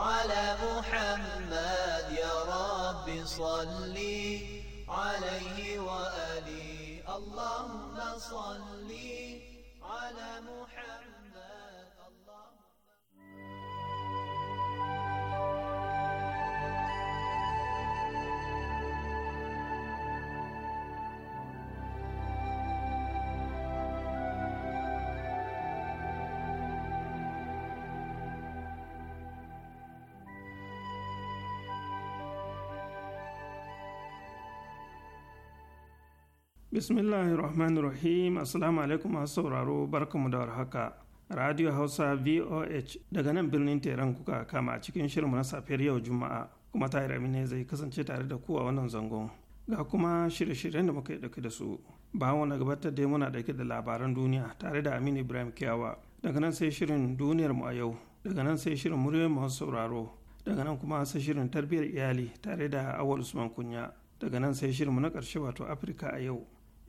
على محمد يا رب صلي عليه وآله اللهم صلي على محمد rahim assalamu alaikum masu sauraro barkamu da warhaka radio hausa voh daga nan birnin teran kuka kama a cikin shirinmu na safiyar yau juma'a kuma tahir ne zai kasance tare da kuwa wannan zangon ga kuma shirye-shiryen da muka yi da su bayan wani gabatar da muna dauke da labaran duniya tare da aminu ibrahim kiyawa daga nan sai shirin duniyar mu a yau daga nan sai shirin muryoyin masu sauraro daga nan kuma sai shirin tarbiyyar iyali tare da awal usman kunya daga nan sai mu na karshe wato afirka a yau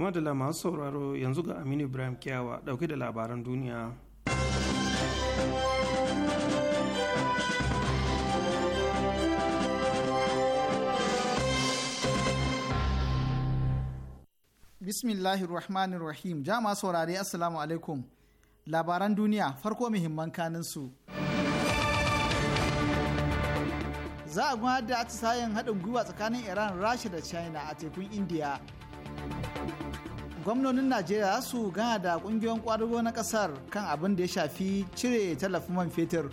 Kuma da masu sauraro yanzu ga aminu ibrahim kyawa dauke da labaran duniya bismillahirrahmanirrahim jama'a saurare assalamu alaikum labaran duniya farko muhimman kanin su za a gudanar da atisayen haɗin gwiwa tsakanin iran rasha da china a tekun indiya gwamnonin najeriya su gana da kungiyoyin kwadugo na kasar kan abin da ya shafi cire tallafin man fetur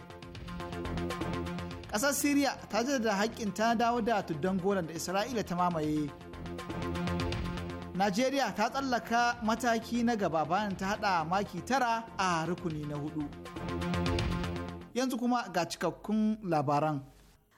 Ƙasar syria ta da haƙƙin ta dawo da tuddan golan da isra'ila ta mamaye najeriya ta tsallaka mataki na gaba bayan ta hada maki tara a rukuni na hudu yanzu kuma ga cikakkun labaran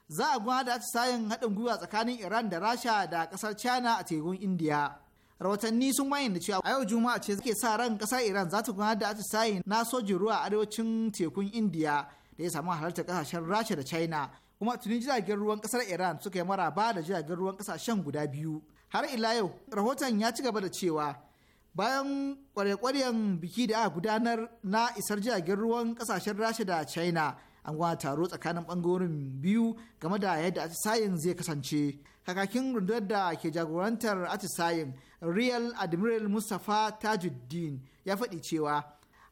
za a gwada ta sayin haɗin gwiwa tsakanin iran da rasha da ƙasar china a tekun indiya rahotanni sun bayyana cewa a yau juma'a ce suke sa ran kasar iran za ta gudanar da atisayi na sojin ruwa a arewacin tekun indiya da ya samu halartar kasashen rasha da china kuma tuni jiragen ruwan kasar iran suka yi maraba da jiragen ruwan kasashen guda biyu har ila yau rahoton ya ci gaba da cewa bayan kwarekwaryen biki da aka gudanar na isar jiragen ruwan kasashen rasha da china an gwana taro tsakanin bangarorin biyu game da yadda atisayin zai kasance kakakin rundunar da ke jagorantar atisayin real admiral mustapha tajuddin ya faɗi cewa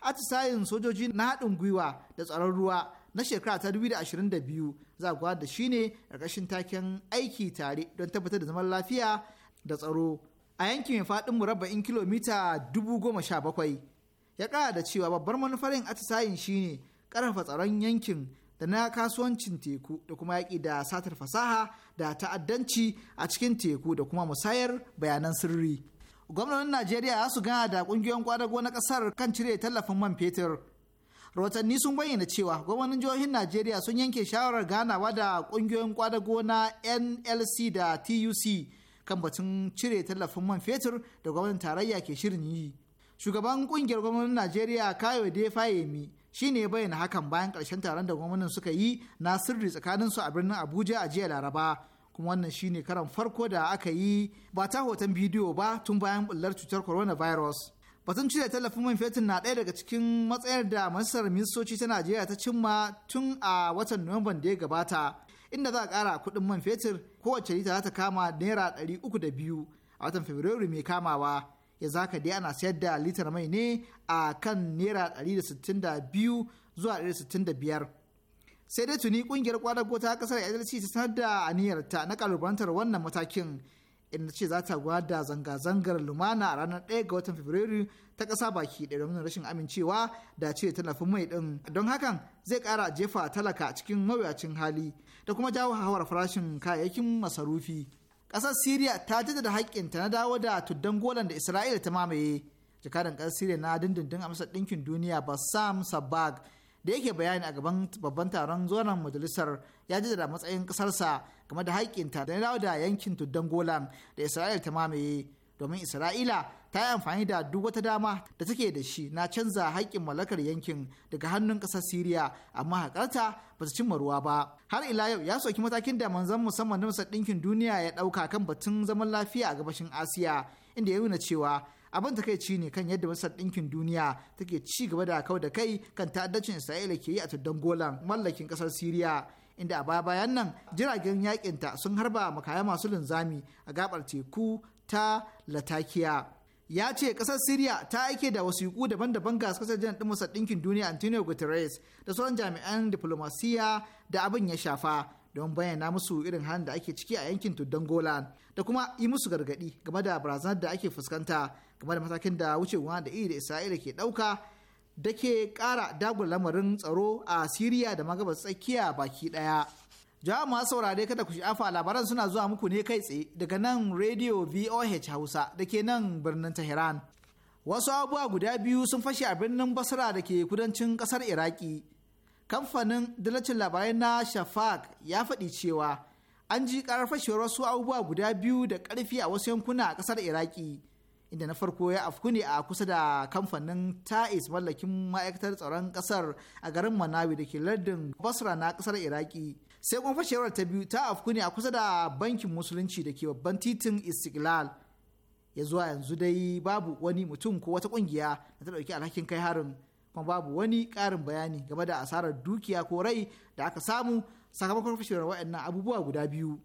atisayin sojoji na haɗin gwiwa da tsaron ruwa na shekara ta 2022 za a da shi ne ƙarƙashin taken aiki tare don tabbatar da zaman lafiya da tsaro a yankin mai faɗin murabba'in kilomita 17,000 ya ƙara da cewa babbar manufarin atisayin shine ƙarfafa tsaron yankin da na kasuwancin teku da kuma yaƙi da satar fasaha da ta'addanci a cikin teku da kuma musayar bayanan sirri. Gwamnonin Najeriya za su gana da ƙungiyoyin kwadago na ƙasar kan cire tallafin man fetur. Rahotanni sun bayyana cewa gwamnonin jihohin Najeriya sun yanke shawarar ganawa da ƙungiyoyin kwadago na NLC da TUC kan batun cire tallafin man fetur da gwamnatin tarayya ke shirin yi. Shugaban ƙungiyar gwamnonin Najeriya kayode Fayemi shi ne bayyana hakan bayan karshen taron da gwamnatin suka yi na sirri tsakanin su a birnin abuja a jiya laraba kuma wannan shine karan farko da aka yi ba ta hoton bidiyo ba tun bayan bullar cutar coronavirus batun cire tallafin man fetur na ɗaya daga cikin matsayar da masar ministoci ta najeriya ta cimma tun a watan nuwamban da ya gabata inda za a ƙara kuɗin man fetur kowace lita za ta kama naira ɗari uku da biyu a watan fabrairu mai kamawa ya zaka dai ana sayar da litar mai ne a kan naira 162 zuwa 165 sai dai tuni kungiyar kwadago ta kasar adalci ta sanar da aniyarta na kalubantar wannan matakin inda ce za ta gwada zanga-zangar lumana a ranar 1 ga watan fabrairu ta kasa baki ɗaya domin rashin amincewa da ce tallafin mai ɗin don hakan zai ƙara jefa talaka cikin mawuyacin hali da kuma jawo hawar farashin kayayyakin masarufi. ƙasar Siriya ta jaddada haƙƙinta na dawo da tuddan golan da Isra'ila ta mamaye. Jakadan ƙasar Siriya na dindindin a Ɗinkin Duniya Bassam sabag da yake bayani a gaban babban taron zonan majalisar ya jaddada matsayin ƙasarsa game da haƙƙinta da dawo da yankin tuddan golan da Isra'ila ta mamaye domin Isra'ila ta yi amfani da duk wata dama da take da shi na canza haƙƙin mallakar yankin daga hannun ƙasar Siriya amma haƙarta ba ta cimma ruwa ba. Har ila yau ya soki matakin da manzan musamman na Masar Ɗinkin Duniya ya ɗauka kan batun zaman lafiya a gabashin Asiya inda ya nuna cewa abin ta takaici ne kan yadda Masar Ɗinkin Duniya take ci gaba da kau da kai kan ta'addacin Isra'ila ke yi a tuddan Golan mallakin ƙasar Siriya. inda a baya bayan nan jiragen yakinta sun harba makaya masu linzami a gabar teku ta latakiya ya ce kasar Siriya ta aike da wasiƙu daban-daban ga kasar jan ɗin Masar ɗinkin duniya Antonio Guterres da sauran jami'an diplomasiya da abin ya shafa don bayyana musu irin halin da ake ciki a yankin tuddan Golan da kuma yi musu gargaɗi game da barazanar da ake fuskanta game da matakin da wucewa da iri da Isra'ila ke ɗauka da ke ƙara dagula lamarin tsaro a Siriya da magabar tsakiya baki ɗaya. Jama'a masu saurare kada ku shafa labaran suna zuwa muku ne kai tsaye daga nan Radio VOH Hausa da ke nan birnin Tehran. Wasu abubuwa guda biyu sun fashe a birnin Basra da ke kudancin kasar Iraki. Kamfanin dalacin labarai na Shafak ya faɗi cewa an ji karar fashewar wasu abubuwa guda biyu da karfi a wasu yankuna a kasar Iraki. Inda na farko ya afku ne a kusa da kamfanin Ta'is mallakin ma'aikatar tsaron kasar a garin Manawi da ke lardin Basra na kasar Iraki. sai kuma fashewar ta biyu ta afku ne a kusa da bankin musulunci da ke babban titin istiklal ya zuwa yanzu dai babu wani mutum ko wata kungiya da ta dauki alhakin kai harin kuma babu wani karin bayani game da asarar dukiya ko rai da aka samu sakamakon fashewar waɗannan abubuwa guda biyu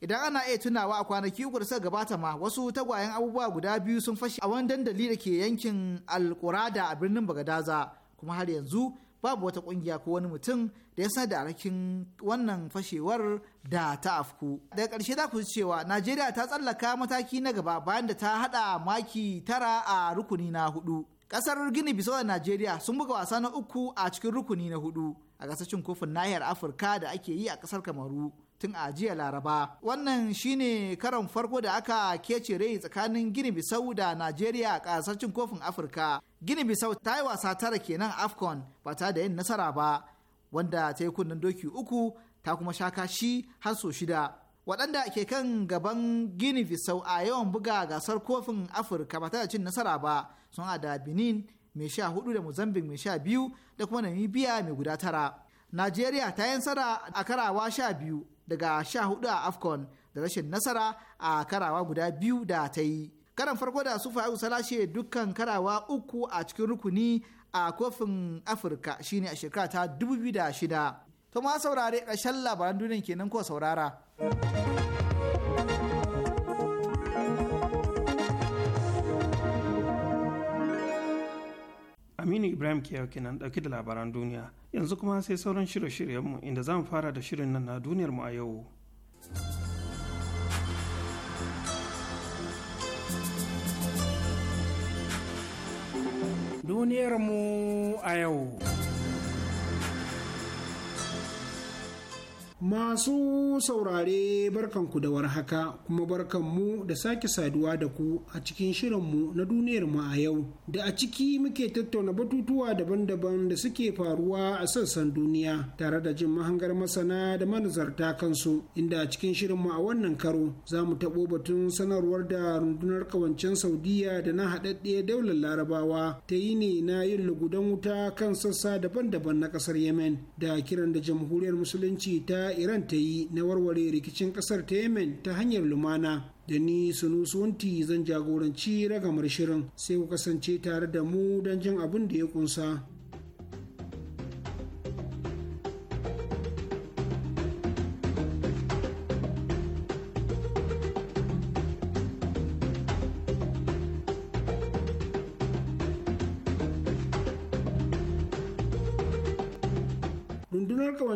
idan ana iya tunawa a kwanaki uku da suka gabata ma wasu tagwayen abubuwa guda biyu sun fashe a wani dandali da ke yankin alkurada a birnin bagadaza kuma har yanzu babu wata kungiya ko wani mutum da ya sanar da alhakin wannan fashewar da ta afku. Daga karshe za ku ji cewa Najeriya ta tsallaka mataki na gaba bayan da ta haɗa maki tara a rukuni na hudu. Ƙasar Gini biso da Najeriya sun buga wasa na uku a cikin rukuni na hudu a gasashen kofin nahiyar Afirka da ake yi a ƙasar Kamaru. Tun a jiya Laraba, wannan shine karon farko da aka kece rai tsakanin Gini Bisau da Najeriya a kofin Afirka. gini bisau ta yi wasa tara kenan afcon ba ta da yin nasara ba wanda ta yi kunnen doki uku ta kuma sha kashi har so shida waɗanda ke kan gaban gini bisau a yawan buga gasar kofin afirka ba ta da cin nasara ba sun da benin mai sha hudu da mozambique mai sha biyu da kuma namibia mai guda tara najeriya ta yi nasara a karawa sha biyu daga sha hudu a afcon da rashin nasara a karawa guda biyu da ta yi karan farko da su ya salashe dukkan karawa uku a cikin rukuni a kofin afirka shine a shekara ta 2006 to ma saurare ƙarshen labaran duniya kenan ko saurara Aminu Ibrahim yau kenan ɗauki da labaran duniya yanzu kuma sai sauran shirye-shiryenmu inda zamu fara da shirin nan na duniyarmu a yau. duniyarmu a yau. Masu saurare barkanku da warhaka kuma barkanmu da sake saduwa da ku a cikin shirinmu na duniyar mu a yau da a ciki muke tattauna batutuwa daban-daban da suke faruwa a sassan duniya tare da jin mahangar masana da manazarta kansu inda a cikin shirinmu a wannan karo za mu taɓo batun sanarwar da rundunar ƙawancen saudiya da na haɗaɗɗe daular larabawa ta yi ne na yin lugudan wuta kan sassa daban-daban na ƙasar yemen da kiran da jamhuriyar musulunci ta iran ta yi na warware rikicin kasar ta yemen ta hanyar lumana da ni sunusunti zan jagoranci ragamar shirin sai ku kasance tare da mu don jin abin da ya kunsa.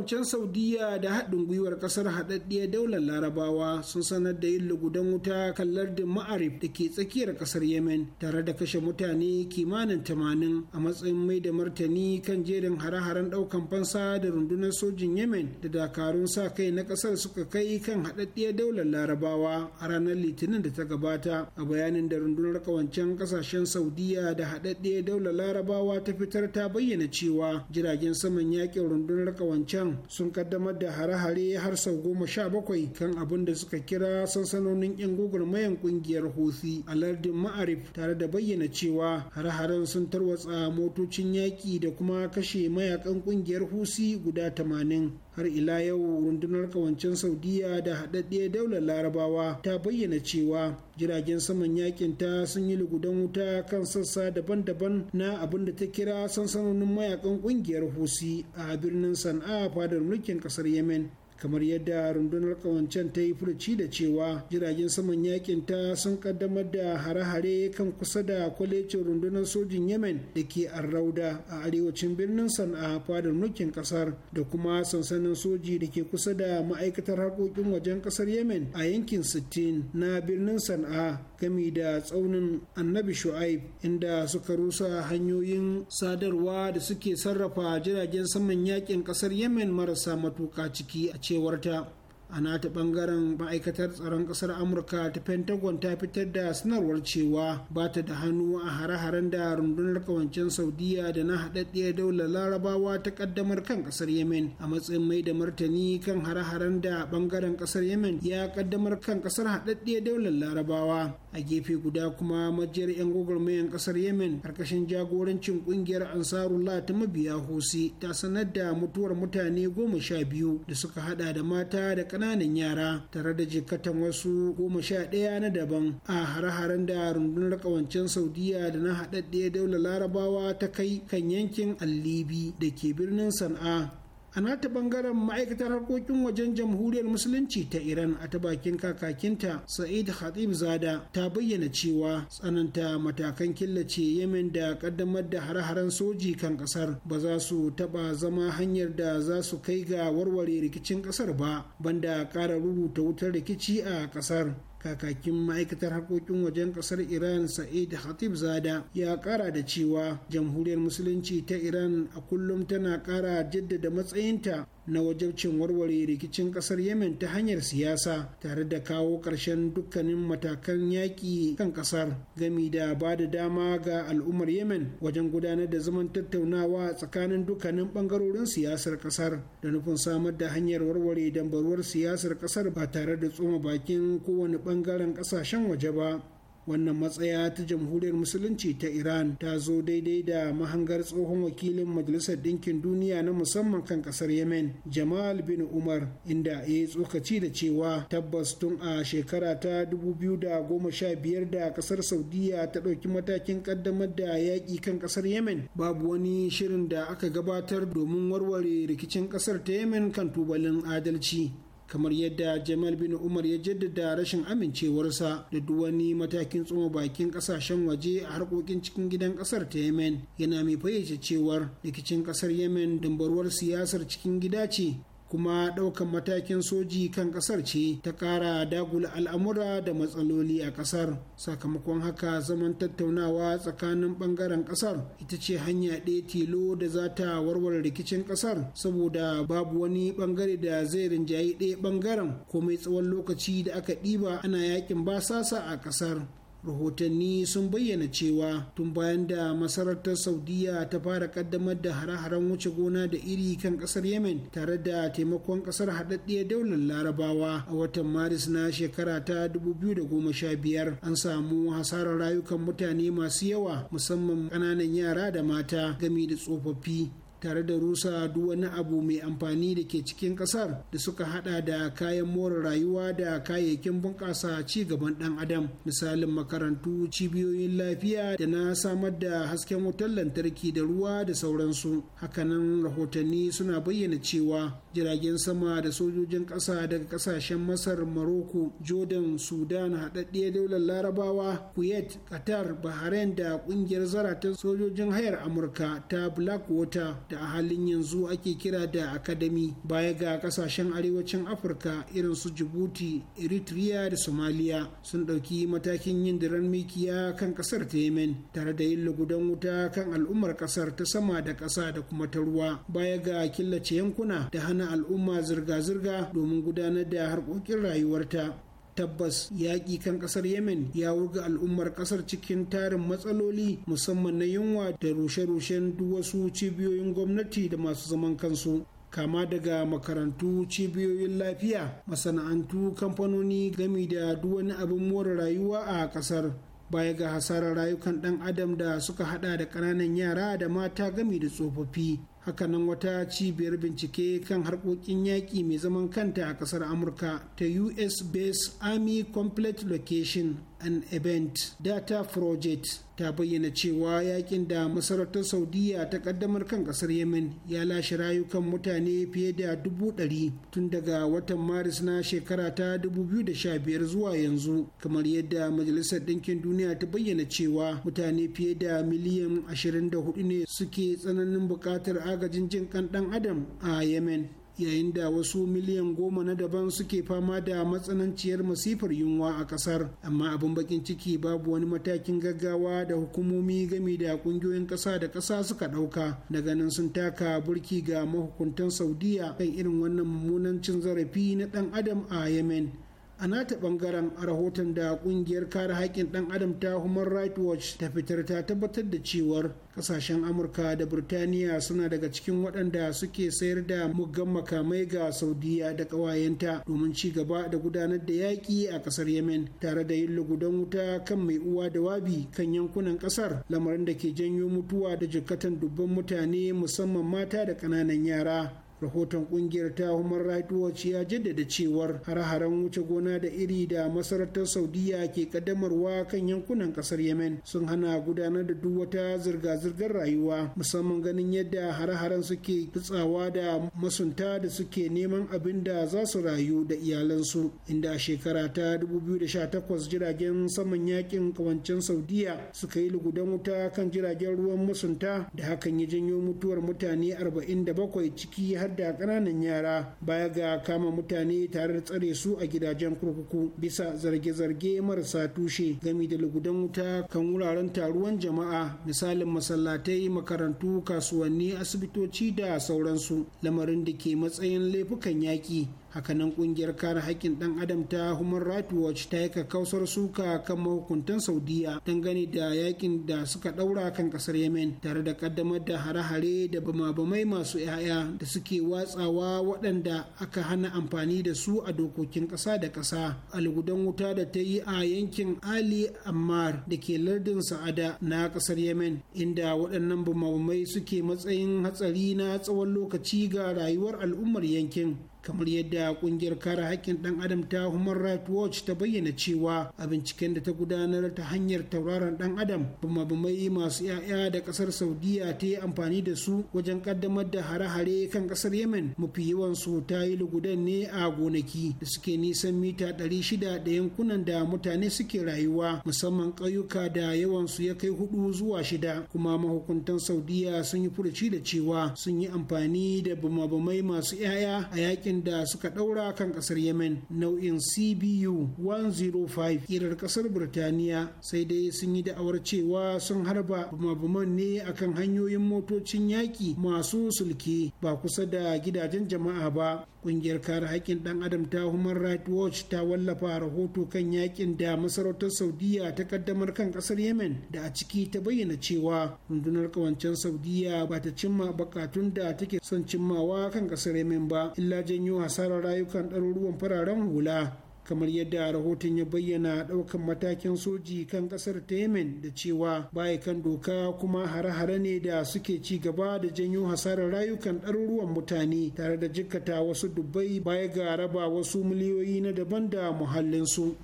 ƙawancen saudiya da haɗin gwiwar ƙasar haɗaɗɗiyar daular larabawa sun sanar da yin lugudan wuta kan lardin ma'arif da ke tsakiyar ƙasar yemen tare da kashe mutane kimanin tamanin a matsayin mai da martani kan jerin hare-haren ɗaukan fansa da rundunar sojin yemen da dakarun sa kai na ƙasar suka kai kan haɗaɗɗiyar daular larabawa a ranar litinin da ta gabata a bayanin da rundunar ƙawancen ƙasashen saudiya da haɗaɗɗiyar daular larabawa ta fitar ta bayyana cewa jiragen saman yakin rundunar ƙawancen sun kaddamar da hare-hare har sau goma sha bakwai kan abin da suka kira sansanonin yan gwagwarmayan kungiyar hosi a lardin ma'arif tare da bayyana cewa hare-haren sun tarwatsa motocin yaƙi da kuma kashe mayakan kungiyar husi guda tamanin har ila yau rundunar kawancen saudiya da haɗaɗɗiyar daular larabawa ta bayyana cewa jiragen saman yakin ta sun yi lugudan wuta kan sassa daban-daban na abin da ta kira sansanonin mayakan kungiyar husi a birnin sana'a fadar mulkin kasar yemen kamar yadda rundunar kawancen ta yi furci da cewa jiragen saman yakin ta sun kaddamar da hare-hare kan kusa da kwalecin rundunar sojin yemen da ke arrauda a arewacin birnin sana'a fadar mulkin kasar da kuma sansanin soji da ke kusa da ma'aikatar harkokin wajen kasar yemen a yankin 60 na birnin sana'a gami da tsaunin annabi shu'aib inda suka rusa hanyoyin sadarwa da suke sarrafa jiragen saman yakin kasar yemen marasa matuka ciki a cewarta a nata bangaren ma'aikatar tsaron kasar amurka ta pentagon ta fitar da sanarwar cewa ba ta da hannu a hare-haren da rundunar kawancen saudiya da na haɗaɗɗiyar daular larabawa ta ƙaddamar kan ƙasar yemen a matsayin mai da martani kan hare-haren da bangaren ƙasar yemen ya ƙaddamar kan ƙasar haɗaɗɗiyar daular larabawa a gefe guda kuma majiyar 'yan gwagwarmayan ƙasar yemen karkashin jagorancin ƙungiyar ansarullah ta mabiya hosi ta sanar da mutuwar mutane goma sha biyu da suka haɗa da mata da ƙananan yara tare da jikatan wasu goma sha ɗaya na daban a hare-haren da rundunar ƙawancen saudiya da na haɗaɗɗe daular larabawa ta kai kan yankin allibi da ke birnin sana'a a nata bangaren ma'aikatar harkokin wajen jamhuriyar musulunci ta iran a ta bakin kakakinta sa'id khatib zada ta bayyana cewa tsananta matakan killace yemen da kaddamar da hare-haren soji kan kasar ba za su taba zama hanyar da za su kai ga warware rikicin kasar ba banda kara rubuta wutar rikici a kasar kakakin ma'aikatar harkokin wajen kasar iran sa'id hatib zada ya kara da cewa jamhuriyar musulunci ta iran a kullum tana kara jaddada matsayinta na wajabcin warware rikicin kasar yemen ta hanyar siyasa tare da kawo ƙarshen dukkanin matakan yaƙi kan kasar gami da ba da dama ga al'ummar yemen wajen gudanar da zaman tattaunawa tsakanin dukkanin ɓangarorin siyasar kasar da nufin samar da hanyar warware dambaruwar siyasar kasar ba tare da tsoma bakin kowane ɓangaren ƙasashen waje ba wannan matsaya ta jamhuriyar musulunci ta iran ta zo daidai da mahangar tsohon wakilin majalisar ɗinkin duniya na musamman kan ƙasar yemen jamal bin umar inda ya yi tsokaci da cewa tabbas tun a shekara ta 2015 da ƙasar saudiya ta ɗauki matakin ƙaddamar da yaƙi kan ƙasar yemen babu wani shirin da aka gabatar domin warware rikicin ƙasar ta yemen kan tubalin adalci kamar yadda jamal bin umar ya jaddada rashin amincewarsa da duk wani matakin tsoma bakin kasashen waje a harkokin cikin gidan kasar ta yemen yana mai fayyace cewar rikicin kasar yemen dambarwar siyasar cikin gida ce kuma ɗaukan matakin soji kan ƙasar ce ta ƙara dagula al'amura da matsaloli a ƙasar sakamakon haka zaman tattaunawa tsakanin ɓangaren ƙasar ita ce hanya ɗaya tilo da za ta warware rikicin ƙasar saboda babu wani ɓangare da zai rinjayi ɗaya ɓangaren komai tsawon lokaci da aka ɗiba ana yakin basasa a ƙasar rahotanni sun bayyana cewa tun bayan da masarautar saudiya ta fara kaddamar da hare-haren wuce gona da iri kan kasar yemen tare da taimakon kasar haɗaɗɗiyar daular larabawa a watan maris na shekara ta 2015 an samu hasarar rayukan mutane masu yawa musamman ƙananan yara da mata gami da tsofaffi tare da rusa duk wani abu mai amfani da ke cikin kasar da suka hada da kayan more rayuwa da kayayyakin bunƙasa ci gaban ɗan adam misalin makarantu cibiyoyin lafiya da na samar da hasken wutar lantarki da ruwa da sauransu hakanan rahotanni suna bayyana cewa jiragen sama da sojojin ƙasa daga ƙasashen masar maroko jordan sudan haɗaɗɗiyar daular larabawa kuwait qatar bahrain da ƙungiyar zaratan sojojin hayar amurka ta black blackwater da a halin yanzu ake kira da Akadami. baya ga kasashen arewacin afirka irin su djibouti eritrea da somalia sun ɗauki matakin yin diran mikiya kan ƙasar ta yemen tare da yin lugudan wuta kan al'ummar ƙasar ta sama da ƙasa da kuma ta ruwa baya ga killace yankuna da hana al'umma zirga-zirga domin gudanar da harkokin rayuwarta tabbas yaƙi kan ƙasar yemen ya wurga al'ummar ƙasar cikin tarin matsaloli musamman na yunwa da rushe-rushen duk wasu cibiyoyin gwamnati da masu zaman kansu kama daga makarantu cibiyoyin lafiya masana'antu kamfanoni gami da duk wani abin more rayuwa a ƙasar baya ga hasarar rayukan dan adam da suka hada da kananan yara da mata gami da tsofaffi hakanan wata cibiyar bincike kan harkokin yaƙi mai zaman kanta a ƙasar amurka ta us based army complete location an event data project ta bayyana cewa yakin da masarautar saudiya ta kaddamar kan kasar yemen ya lashe rayukan mutane fiye da dubu ɗari tun daga watan maris na shekara ta 2015 zuwa yanzu kamar yadda majalisar ɗinkin duniya ta bayyana cewa mutane fiye da miliyan 24 ne suke tsananin buƙatar agajin jin kan ɗan adam a yemen yayin da wasu miliyan goma na daban suke fama da matsananciyar masifar yunwa a kasar amma abin bakin ciki babu wani matakin gaggawa da hukumomi game da kungiyoyin kasa da kasa suka dauka da ganin sun taka burki ga mahukuntan saudiya kan irin wannan mummunan cin zarafi na dan adam a yemen a nata bangaren a rahoton da kungiyar kare haƙƙin ɗan adam ta human rights watch ta fitar ta tabbatar da cewar kasashen amurka da burtaniya suna daga cikin waɗanda suke sayar da muggan makamai ga saudiya da ƙawayenta domin ci gaba da gudanar da yaƙi a ƙasar yemen tare da yin lugudan wuta kan mai uwa da wabi kan yankunan ƙasar lamarin da ke janyo mutuwa da jikkatan dubban mutane musamman mata da ƙananan yara rahoton kungiyar ta human rights watch ya jaddada cewar har-haren wuce gona da iri da masarautar saudiya ke kaddamarwa kan yankunan kasar yemen sun hana gudanar da duk wata zirga-zirgar rayuwa musamman ganin yadda har-haren suke kutsawa da masunta da suke neman abin da za su rayu da iyalansu inda a shekara ta 2018 jiragen saman yakin kawancin saudiya suka yi lugudan wuta kan jiragen ruwan masunta da hakan ya janyo mutuwar mutane 47 ciki har har da ƙananan yara baya ga kama mutane tare da tsare su a gidajen kurkuku bisa zarge-zarge marasa tushe gami da lugudan wuta kan wuraren taruwan jama'a misalin masallatai makarantu kasuwanni asibitoci da sauransu lamarin da ke matsayin laifukan yaƙi hakanan kungiyar kare haƙƙin ɗan adam ta human rights watch ta yi kakkausar suka kan mahukuntan saudiya dangane da yakin da suka ɗaura kan ƙasar yemen tare da ƙaddamar da hare-hare da bama-bamai masu 'ya'ya da suke watsawa waɗanda aka hana amfani da su a dokokin ƙasa da ƙasa algudan wuta da ta yi a yankin ali ammar da ke lardin sa'ada na ƙasar yemen inda waɗannan bama-bamai suke matsayin hatsari na tsawon lokaci ga rayuwar al'ummar yankin kamar yadda kungiyar kare haƙƙin ɗan adam ta human rights watch ta bayyana cewa a binciken da ta gudanar ta hanyar tauraron ɗan adam bumabumai masu 'ya'ya da ƙasar saudiya ta yi amfani da su wajen ƙaddamar da hare-hare kan ƙasar yemen mafi su ta yi lugudan ne a gonaki da suke nisan mita shida da yankunan da mutane suke rayuwa musamman ƙauyuka da yawan su ya kai hudu zuwa shida kuma mahukuntan saudiya sun yi furuci da cewa sun yi amfani da bumabumai masu 'ya'ya a yakin da suka ɗaura kan ƙasar yemen nau'in cbu 105 irar ƙasar birtaniya sai dai sun yi da'awar cewa sun harba bumabuman ne akan hanyoyin motocin yaƙi masu sulke ba kusa da gidajen jama'a ba ƙungiyar kare haƙƙin ɗan adam ta human rights watch ta wallafa rahoto kan yaƙin da masarautar saudiya ta kaddamar kan ƙasar yemen da a ciki ta bayyana cewa rundunar ƙawancen saudiya ba ta cimma bakatun da take son cimmawa kan ƙasar yemen ba illa janyo hasarar rayukan ɗaruruwan fararen hula kamar yadda rahoton ya bayyana ɗaukan matakin soji kan ƙasar ta yemen da cewa baya kan doka kuma hare-hare ne da suke ci gaba da janyo hasarar rayukan ɗaruruwan mutane tare da jikkata wasu dubbai baya ga raba wasu miliyoyi na daban da muhallinsu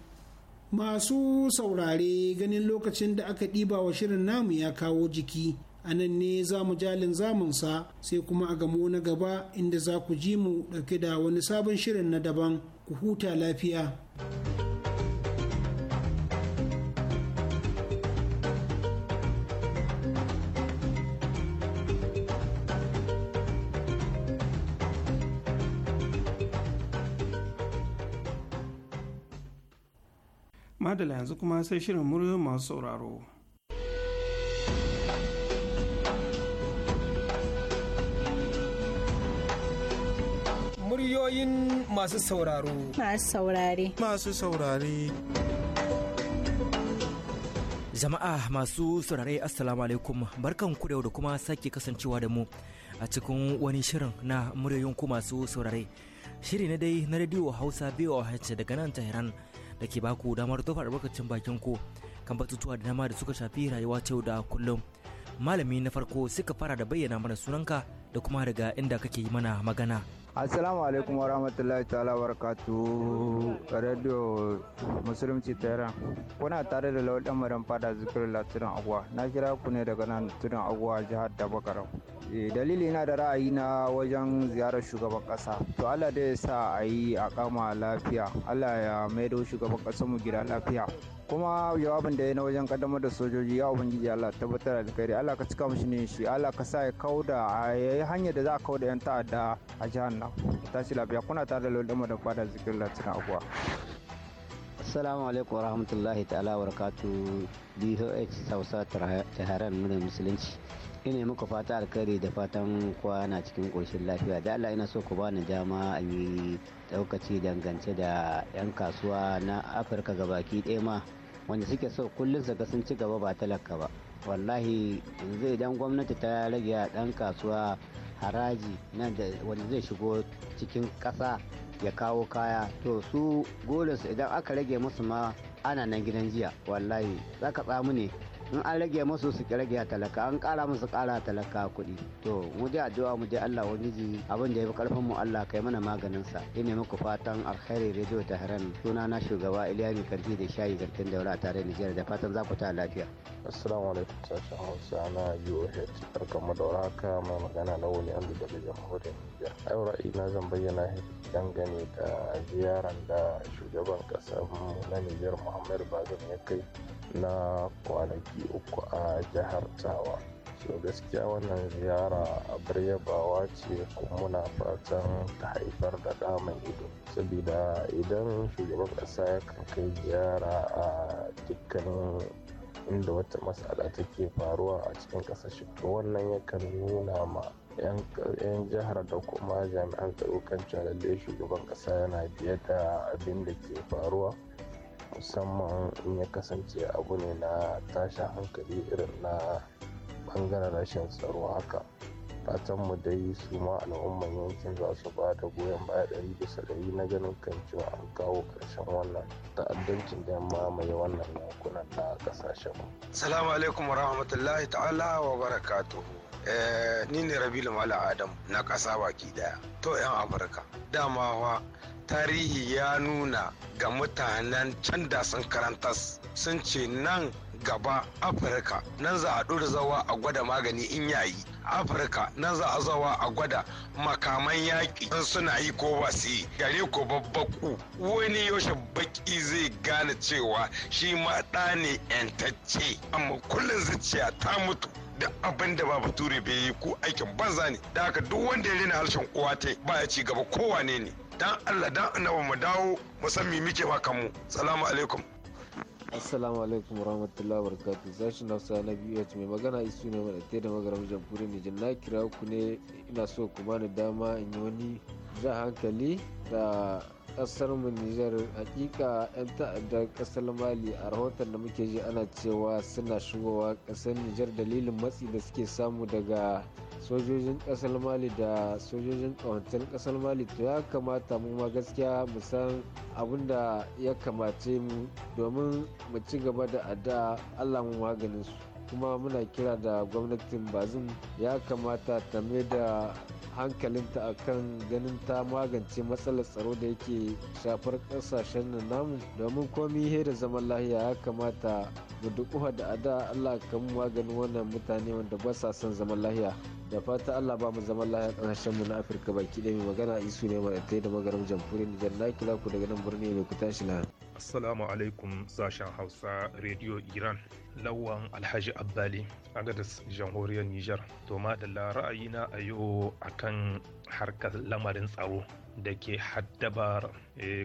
masu saurare ganin lokacin da aka ɗiba wa shirin namu ya kawo jiki a nan ne za mu jalin zamunsa sai kuma a gamo na gaba inda za ku ji mu ɗauke da wani sabon shirin na daban ku huta lafiya. madala yanzu kuma sai shirin muryoyin masu sauraro muryoyin masu sauraro. Masu saurare. Masu saurare. Jama'a masu saurare Assalamu alaikum barkan ku da kuma sake kasancewa da mu a cikin wani shirin na muryoyin ku masu saurare. Shiri na dai na radio Hausa BOH daga nan Tehran da ke baku damar tofa albarkacin bakin ku kan batutuwa da dama da suka shafi rayuwa ta da kullum. Malami na farko suka fara da bayyana mana sunanka da kuma daga inda kake yi mana magana. assalamu alaikum wa rahmatullahi ta'ala wa barakatu radio musulunci tehran kuna tare da lawal madan fada zikirin latinan agwa na kira ku ne daga nan tunan agwa jihar bakara eh, dalili na da ra'ayi na wajen ziyarar shugaban ƙasa to allah da ya sa a yi a kama lafiya allah ya maido shugaban kasar mu gida lafiya kuma jawabin da ya na wajen kaddamar da sojoji ya ubangiji Allah tabbatar da alkhairi Allah ka cika mishi ne shi Allah ka sa ya da yayi hanyar da za a da yan ta'adda a jihar nan tashi lafiya kuna tare da lulluɓa da fada zikirin latin abuwa Assalamu alaikum warahmatullahi ta'ala wa barakatuh DOH Hausa Tehran Musulunci. ina muka fata alkhairi da fatan kwana cikin ƙoshin lafiya da Allah ina so ku bani dama an yi ɗaukaci dangance da 'yan kasuwa na afirka ga baki ɗaya ma wanda suke so kullum su ga sun ci gaba ba talaka ba wallahi yanzu idan gwamnati ta rage ɗan kasuwa haraji nan da wanda zai shigo cikin ƙasa ya kawo kaya to su golinsu idan aka rage musu ma ana nan gidan jiya wallahi za ka tsamu ne in an rage masu su rage talaka an kara musu kara talaka kuɗi to mu je addu'a mu je Allah ji abin da ya fi karfin mu Allah kai mana maganin sa ina muku fatan alkhairi radio tahran suna na shugaba Iliya Kanti da shayi garkin daura tare da Nijar da fatan za ku ta lafiya assalamu alaikum sashen Hausa na UOH mu da warhaka mai magana na wani an da jamhuriyar Nijar a ra'ayi na zan bayyana dangane da ziyaran da shugaban kasar mu na Nijar Muhammadu Bazoum ya kai na kwanaki uku a jihar tawa so gaskiya wannan ziyara abar bawa ce kuma muna fatan ta haifar da damar ido saboda idan shugaban kasa ya kan kai ziyara a dukkanin inda wata matsala take faruwa a cikin ƙasashe wannan yakan nuna ma 'yan jihar da kuma jami'an tsaro kan shugaban kasa yana biye da abin da ke faruwa musamman in ya kasance abu ne na tashin hankali irin na bangaren rashin tsaro haka fatan mu dai su ma al'umman yankin za su ba da goyon baya ɗari bisa ɗari na ganin kan cewa an kawo ƙarshen wannan ta'addancin da ya mai wannan yankunan na ƙasashen mu. Salamu alaikum wa rahmatullahi ta'ala wa barakatu. Eh, ni ne rabilu mala adam na ƙasa baki ɗaya. to 'yan afirka dama wa tarihi ya nuna ga mutanen can da sun karantas sun ce nan gaba afirka nan za a ɗora zawa a gwada magani in yayi afirka nan za a zawa a gwada makaman yaƙi in suna yi ko ba su yi gare ko babbaku wani yaushe baki zai gane cewa shi ma ɗa ne yantacce amma kullum zuciya ta mutu da abin da ba bature bai yi ko aikin banza ne da haka duk wanda ya rena harshen uwa ta ba ya ci gaba kowane ne dan Allah dan annabi mu dawo mu san me muke wa kanmu salamu alaikum assalamu alaikum warahmatullahi wabarakatuh na sa na biyu mai magana isu ne mai da magaram jamhuriyar nijar na kira ku ne ina so ku bani dama in yi wani jan hankali da kasar mu nijar hakika yan ta'addar kasar mali a rahoton da muke ji ana cewa suna shigowa kasar nijar dalilin matsi da suke samu daga sojojin kasar mali da sojojin kawancin kasar mali to ya kamata mu ma gaskiya mu san abin da ya kamace mu domin mu ci gaba da addu'a allah mu maganin su kuma muna kira da gwamnatin bazin ya kamata ta mai da hankalinta a kan ganin ta magance matsalar tsaro da yake shafar kasashen nan namu domin komi da zaman lahiya ya kamata mu duk da ada Allah kan maganin wannan mutane wanda ba sa son zaman lahiya da fata Allah ba mu zaman lafiya ƙasashen mu na Afirka baki ɗaya mai magana isu ne mai da magaram jamhuriyar Nijar na kila ku daga nan birni mai ku tashi na. Assalamu alaikum sashen Hausa Radio Iran Lawan Alhaji Abbali a jamhuriyar Nijar. To ma da ra'ayina a yau akan harkar lamarin tsaro da ke haddabar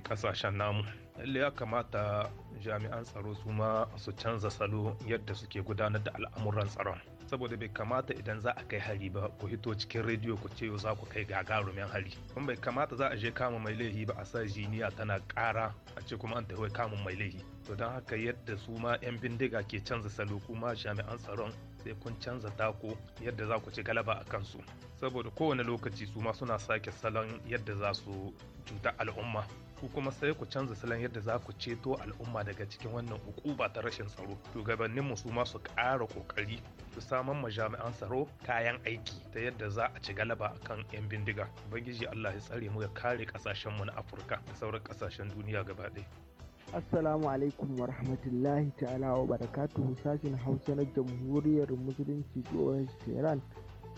kasashen eh, namu. Lalle ya kamata jami'an tsaro su ma su canza salo yadda suke gudanar da al'amuran tsaron. saboda bai kamata idan za a kai hari ba ku hito cikin rediyo ku ce za ku kai gagarumin hari kuma bai kamata za a je kama mai laihi ba a sa jiniya tana kara a ce kuma an tafi kamun mai laihi to don haka yadda su ma 'yan bindiga ke canza salo kuma jami'an tsaron sai kun canza tako yadda za ku ci galaba a kansu saboda kowane lokaci su ma suna sake salon yadda za su cuta al'umma ku kuma sai ku canza salon yadda za ku ceto al'umma daga cikin wannan hukuma ta rashin tsaro shugabannin mu su masu ƙara kokari su samar ma jami'an tsaro kayan aiki ta yadda za a ci galaba a kan 'yan bindiga ubangiji allah ya tsare mu ya kare kasashen mu na afirka da sauran kasashen duniya gaba ɗaya Assalamu alaikum wa rahmatullahi ta'ala wa barakatuhu sashen Hausa na Jamhuriyar Musulunci OH Tehran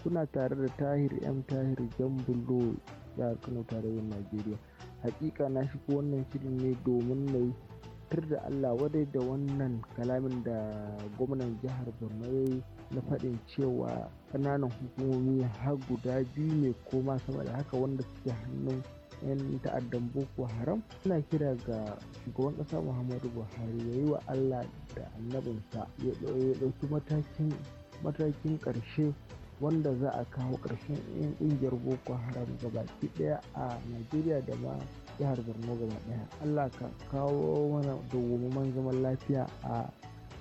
kuna tare da Tahir M Tahir Jambulo jihar Kano tarayyar Najeriya. Hakika na shigo wannan shirin ne domin na yi tir da Allah wadai da wannan kalamin da gwamnan jihar Borno ya yi na faɗin cewa ƙananan hukumomi har guda biyu ne ko ma sama da haka wanda suke hannun 'yan ta'addan boko haram suna kira ga shugaban ƙasa muhammadu buhari ya yi wa allah da annabinsa ya ɗauki matakin matakin ƙarshe wanda za a kawo ƙarshen 'yan ƙungiyar boko haram gabaki ɗaya a najeriya da ma jihar borno gaba ɗaya allah ka kawo mana dawwammamen zaman lafiya a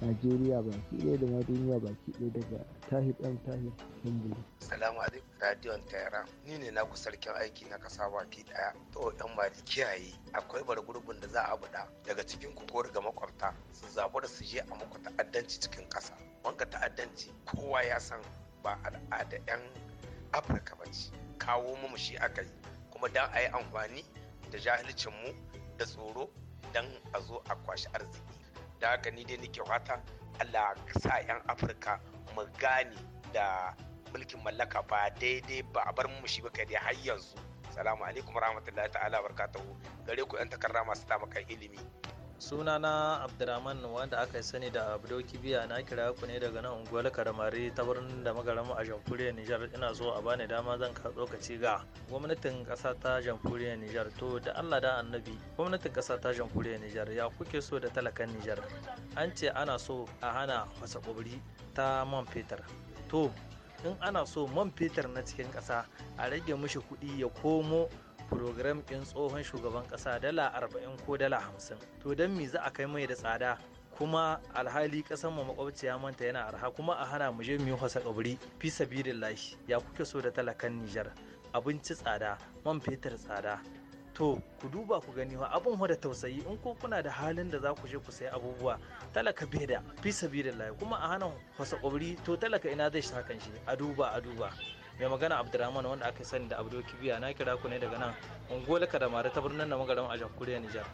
najeriya baki ɗaya da ma duniya baki ɗaya daga tahir ɗan tahir himbulu salamu alaikum radiyon tehran ni ne na sarkin aiki na kasa baki daya to yan mali kiyaye akwai bargurbin da za a buɗa daga cikin ku ko daga makwabta su zabura su je a muku ta'addanci cikin ƙasa Wanka ta'addanci kowa ya san ba al'ada 'yan afirka ba ce kawo mu shi aka yi kuma don a yi amfani da jahilcinmu da tsoro don a zo a kwashi arziki da haka ni dai nake fata allah sa 'yan afirka mu gane da mulkin mallaka ba daidai ba a bar mu shi ba kai dai har yanzu salamu alaikum rahmatullahi ta'ala barkatahu gare ku 'yan takarda masu tamakan ilimi sunana abdurrahman wanda aka sani da abdo biya na kira ku ne daga nan unguwar karamare ta birnin da magaram a jamhuriyar nijar ina so a bani dama zan ka tsokaci ga gwamnatin ƙasa ta jamhuriyar nijar to da allah da annabi gwamnatin ƙasa ta jamhuriyar nijar ya kuke so da talakan nijar an ce ana so a hana wasa kwabri ta man fetur to in ana so man fetur na cikin ƙasa a rage mishi kuɗi ya komo program ɗin tsohon shugaban ƙasa dala 40 ko dala 50 to don me za a kai mai da tsada kuma alhali kasan mu makwabciya manta yana arha kuma a hana mu je mu yi hasa kaburi fi sabilillahi ya kuke so da talakan Nijar abinci tsada man fetur tsada to ku duba ku gani wa abin da tausayi in ko kuna da halin da za ku je ku sayi abubuwa talaka beda fi sabilillahi kuma a hana hasa kaburi to talaka ina zai sha kan shi a duba a duba mai magana abdurrahman wanda aka sani da abdul kibiya na kira ku ne daga nan ungola kadamare ta birnin da magana a jamhuriyar nijar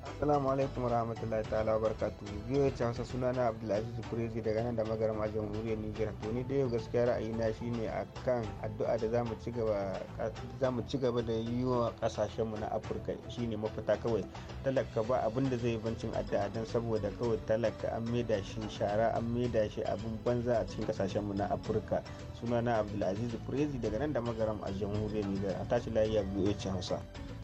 Assalamu alaikum rahmatullahi ta'ala barkatu Biyo ya hausa suna na Abdulaziz Kurezi daga nan da magarama jamhuriyar niger To ni yau gaskiya na shine kan addu'a da za mu gaba ci gaba da yi wa kasashen mu na Afirka shine mafita kawai. Talaka ba abin da zai bancin addu'a dan saboda kawai talaka an maida shi shara an maida shi abin banza a cikin kasashen mu na Afirka. Suna na Abdulaziz Kurezi daga nan da magaram a jamhuriyar niger A tashi lafiya biyo ya hausa.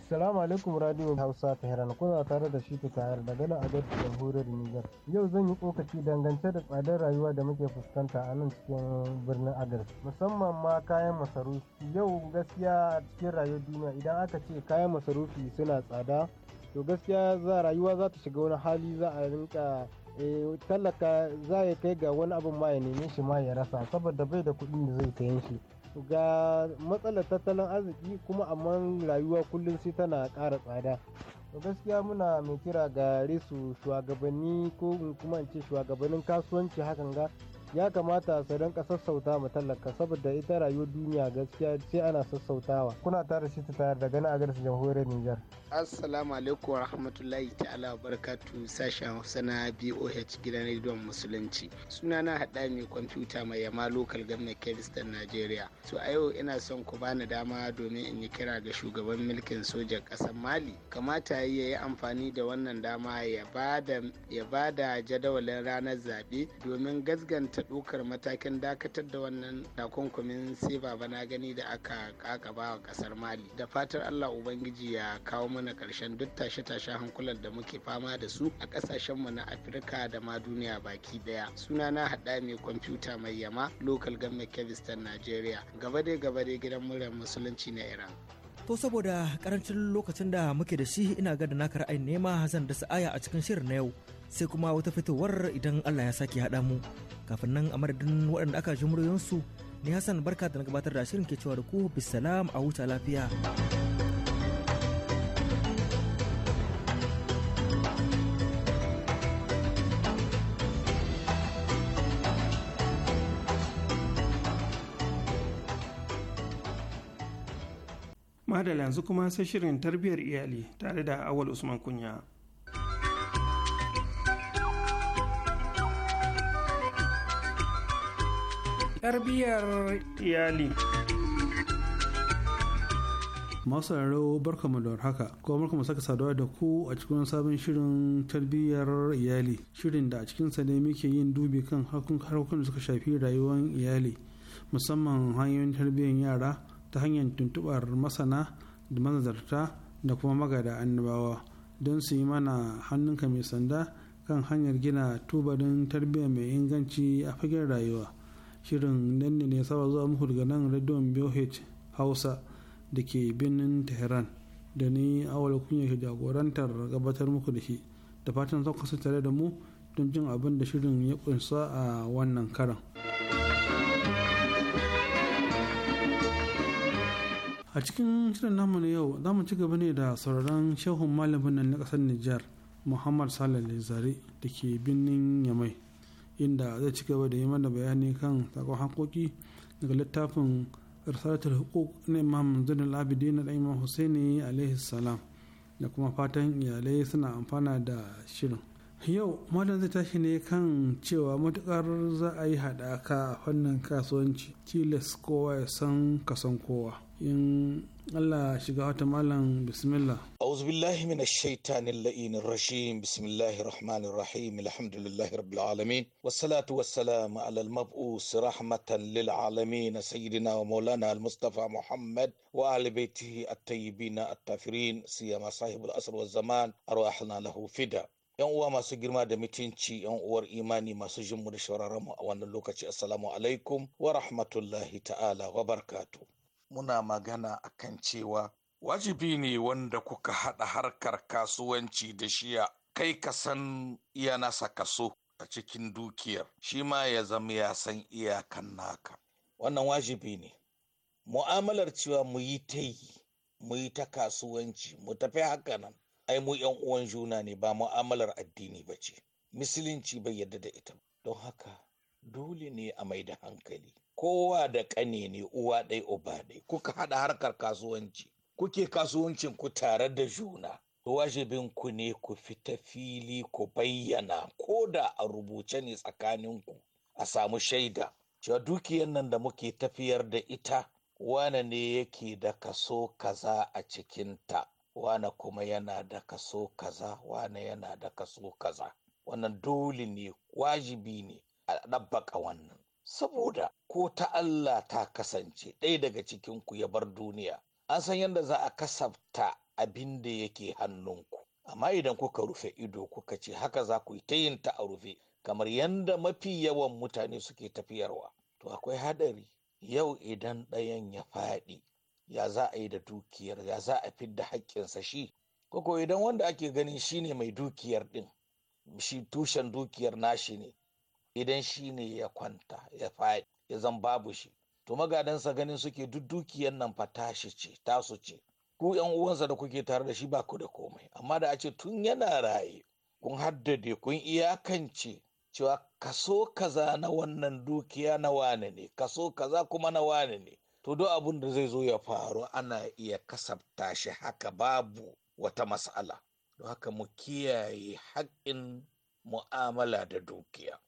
Assalamu alaikum Radio Hausa Tehran kuna tare da Shitu Tahir daga nan a garin Jamhuriyar Niger. Yau zan yi kokaci dangance da tsadar rayuwa da muke fuskanta a nan cikin birnin Agar. Musamman ma kayan masarufi. Yau gaskiya cikin rayuwar duniya idan aka ce kayan masarufi suna tsada to gaskiya za rayuwa za ta shiga wani hali za a rinka eh, tallaka za ya kai ga wani abin ma ya neme shi ma ya rasa saboda bai da kuɗin da zai kayan shi ga matsalar tattalin arziki kuma amma rayuwa kullum sai tana ƙara tsada to gaskiya muna mai kira ga resu shugabanni ko kuma in ce shugabannin kasuwanci hakan ga ya kamata su rinka sassauta mu tallaka saboda ita rayuwar duniya gaskiya sai ana sassautawa kuna tara shi ta tayar daga a agarsu jamhuriyar Nijar. assalamu alaikum wa rahmatullahi ta'ala wa barakatu sashen hausa na boh gidan rediyon musulunci suna na haɗa mai kwamfuta mai yama lokal gamna kiristan nigeria to a yau ina son ku bani dama domin in yi kira ga shugaban mulkin sojan ƙasar mali kamata ya yi amfani da wannan dama ya ba da jadawalin ranar zaɓe domin gasganta ɗaukar matakin dakatar da wannan takunkumin sai baba na gani da aka ƙaƙaba wa ƙasar mali da fatar allah ubangiji ya kawo mana karshen duk tashe-tashe hankulan da muke fama da su a kasashen mu na afirka da ma duniya baki daya sunana hada mai kwamfuta mai yama local government kevistan nigeria gaba dai gaba dai gidan muryar musulunci na iran To saboda karancin lokacin da muke da shi ina ga da naka ra'ayin nema zan da aya a cikin shirin na yau sai kuma wata fitowar idan Allah ya sake haɗa mu kafin nan a madadin waɗanda aka ji muryoyinsu ni Hassan barka da na gabatar da shirin ke cewa da ku bisalam a huta lafiya. madala yanzu kuma sai shirin tarbiyyar iyali tare da awal usman kunya tarbiyyar iyali masu raro barka mu da haka kuma barka mu saka saduwa da ku a cikin sabon shirin tarbiyyar iyali shirin da a cikinsa ne muke yin dubi kan harkokin da suka shafi rayuwar iyali musamman hanyoyin tarbiyyar yara ta hanyar tuntubar masana da manazarta da kuma magada annabawa don su yi mana hannunka mai sanda kan hanyar gina tubalin tarbiyya mai inganci a fagen rayuwa shirin nan ne saba zuwa muku daga nan radion BOH hausa da ke birnin tehran da ni awal kunya ke jagorantar gabatar muku da shi da fatan za ku tare da mu don jin abin da shirin ya kunsa a wannan karan. a cikin shirin namu na yau za mu ci gaba ne da sauraron shehun malamin nan na ƙasar nijar muhammad salih zare da ke birnin yamai inda zai ci gaba da yi mana bayani kan sakon hankoki daga littafin risalatul hukuk na imam zainul abidin na imam husaini alaihi salam da kuma fatan iyalai suna amfana da shirin yau malam zai tashi ne kan cewa matukar za a yi haɗaka a fannin kasuwanci tilas kowa ya san kasan kowa in Allah shiga wata malam bismillah. A'udhu billahi minash shaitanir la'inir rajim. Bismillahir rahmanir rahim. Alhamdulillahi rabbil alamin. Wassalatu wassalamu ala al-mab'us rahmatan lil alamin sayyidina wa maulana al-Mustafa Muhammad wa ali baitihi at-tayyibin at-tafirin siyama sahibul asr wa zaman arwahna lahu fida. yan uwa masu girma da mutunci yan uwar imani masu jinmu da shawararmu a wannan lokaci asalamu alaikum wa rahmatullahi ta'ala wa barkatu muna magana a kan cewa wajibi ne wanda kuka haɗa harkar kasuwanci da shiya kai ka san iya nasa kaso a cikin dukiyar shi ma ya zama ya san iyakan naka wannan wajibi ne mu'amalar cewa mu yi ta yi mu yi ta kasuwanci mu tafi haka nan ai mu yan uwan juna ne ba mu'amalar addini ba ce musulunci bai yadda da ita don haka dole ne a mai da hankali kowa da ƙani ne uwa ɗai uba ɗai kuka haɗa harkar kasuwanci kuke kasuwancin ku tare da juna wajibin ku ne ku fita fili ku bayyana ko da a rubuce ne tsakaninku a samu shaida cewa dukiyar nan da muke tafiyar da ita wane ne yake da kaso kaza a cikinta wane kuma yana da kaso kaza wane yana da kaso kaza wannan dole ne wajibi ne a ɗabbaka wannan saboda ko ta Allah ta kasance ɗaya daga cikinku ya bar duniya an san yadda za a kasafta abin da yake hannunku amma idan kuka rufe ido kuka ce haka za ku yi ta yin ta a rufe kamar yadda mafi yawan mutane suke tafiyarwa to akwai hadari yau idan ɗayan ya faɗi ya za a yi da dukiyar ya za a fidda haƙƙinsa shi koko idan wanda ake ganin shine mai dukiyar ɗin shi tushen dukiyar nashi ne idan shi ne ya kwanta ya faɗi ya zan babu shi to magadansa ganin suke duk dukiyar nan fa tashi ce tasu ce ku yan uwansa da kuke tare da shi ba ku da komai amma da a ce tun yana raye kun haddade kun iyakance cewa kaso kaza na wannan dukiya na wane ne kaso kaza kuma na wane ne to duk abin da zai zo ya faru ana iya kasafta shi haka babu wata matsala don haka mu kiyaye haƙƙin mu'amala da dukiya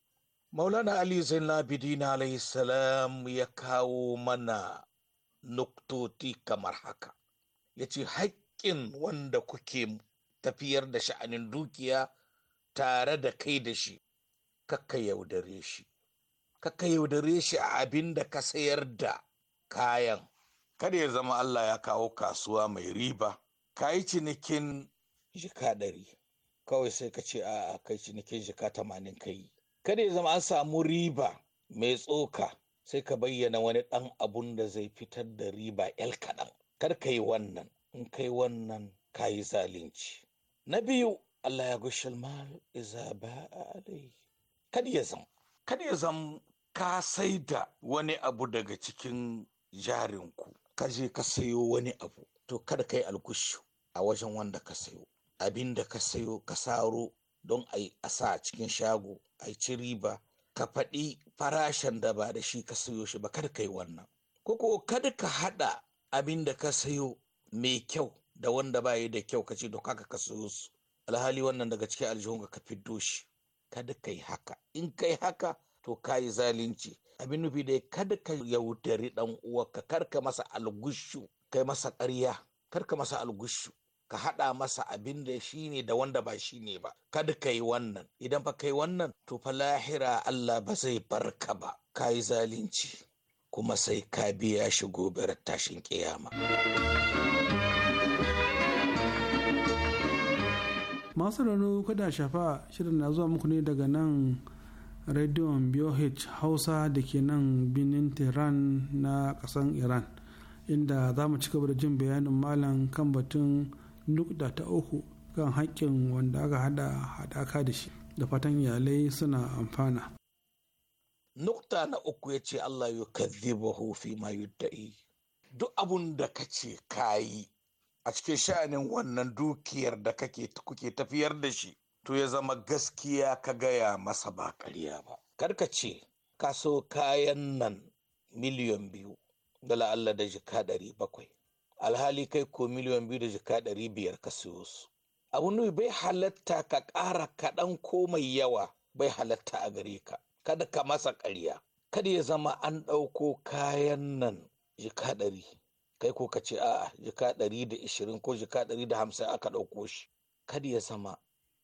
maulana ali zain labidin salam ya kawo mana nuktoti kamar haka ya ce haƙƙin wanda kuke tafiyar da sha'anin dukiya tare da kai da shi kaka yaudare shi kakka yaudare shi a abin da ka sayar da kayan kada ya zama allah ya kawo kasuwa mai riba ka yi cinikin jika ɗari kawai sai ka ce a kai cinikin jika tamanin kai kada ya zama an samu riba mai tsoka sai ka bayyana wani ɗan abun da zai fitar da riba yal kaɗan kar ka yi wannan in kai wannan ka yi zalunci na biyu Allah ya gushe mal iza ba alai kada ya zama kada ya zama ka sai wani abu daga cikin jarinku ka je ka sayo wani abu to kada ka yi a wajen wanda ka sayo abin da ka sayo ka saro don a sa cikin shago a ci riba ka faɗi farashin da ba da shi ka sayo shi ba kada ka yi wannan koko kada ka haɗa abin da ka sayo mai kyau da wanda ba da kyau ka ce to kaka ka sayo su alhali wannan daga cikin aljihun ka fiddo shi kada ka yi haka in ka yi haka to ka yi zalunci abin nufi dai kada ka yaudari ɗan uwarka kar ka masa algushu kai masa ƙarya karka masa algushu ka haɗa masa abin da shi ne da wanda ba shi ne ba kada ka yi wannan idan ba ka yi wannan to fa lahira Allah ba zai barka ba ka yi zalunci kuma sai ka biya shi gobe tashin kiyama. masu rano kada shafa shirin na zuwa muku ne daga nan rediyon BOH hausa da ke nan binin tehran na kasan iran inda za mu ci gaba da jin bayanin malam kan batun nukta ta uku kan hakkin wanda aka hada haɗaka da shi da fatan iyalai suna amfana. Nukta na uku ya ce Allah ya kadhibahu hufi ma yudda'i. Duk abun da ka ce ka yi, a cikin sha'anin wannan dukiyar da kake kuke tafiyar da shi to ya zama gaskiya ka gaya masa ba ƙarya ba. Karka ce ka so kayan nan miliyan biyu da la'alla da jika ɗari bakwai. alhali kai ko miliyan biyu da jika ɗari biyar ka siyo su abu nuyi bai halatta ka ƙara kaɗan ko mai yawa bai halatta a gare ka kada ka masa ƙarya kada ya zama an ɗauko kayan nan jika ɗari kai ko ka ce a'a jika ɗari da ishirin ko jika ɗari da hamsin aka ɗauko shi kada ya zama